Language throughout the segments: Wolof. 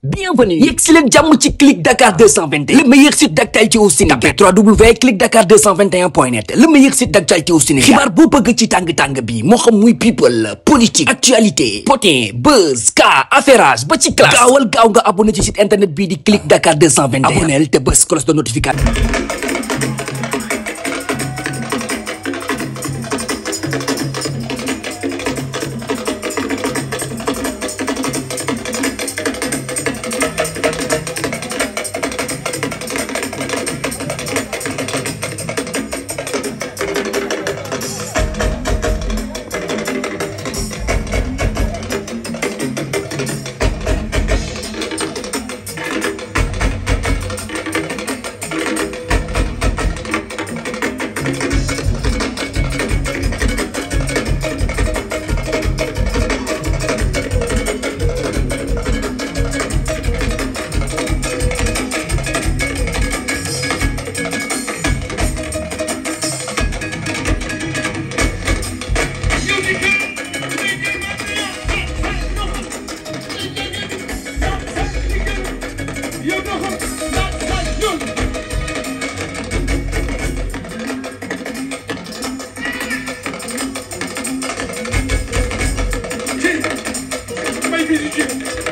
bienvenue yegg si leen jàmm ci Click Dakar 221 le meilleur site d'actualité au Sénégal www.clickdakar221.net le meilleur site d'actualité au Sénégal xibaar boo bëgg ci tàng-tàng bi moo muy people politique actualité potin buzz cas affairage ba ci classe gaawal gaaw nga abonné ci site internet bii di Click Dakar 221 te bës cloche de notification Thank you.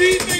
Beat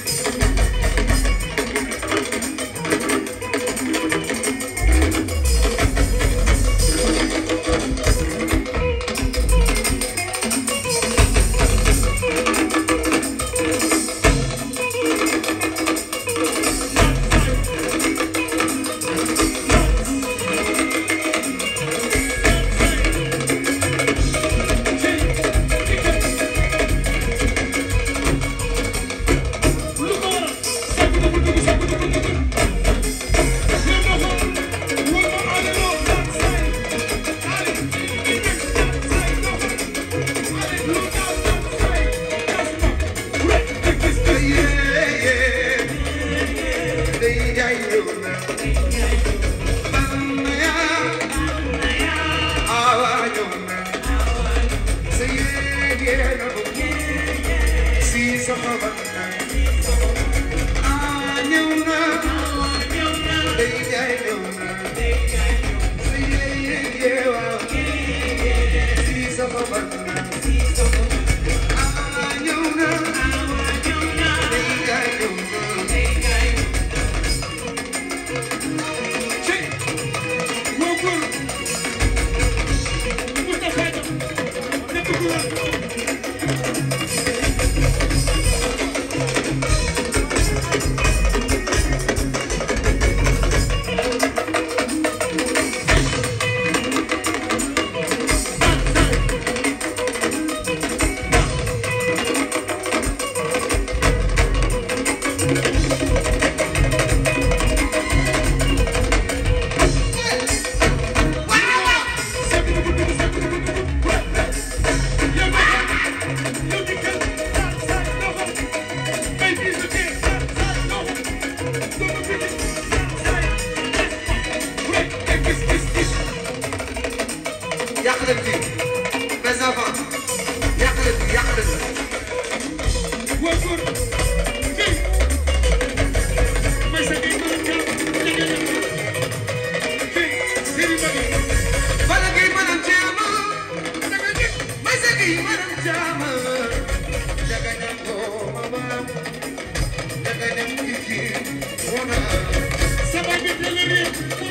Yeah. Somebody deliver it.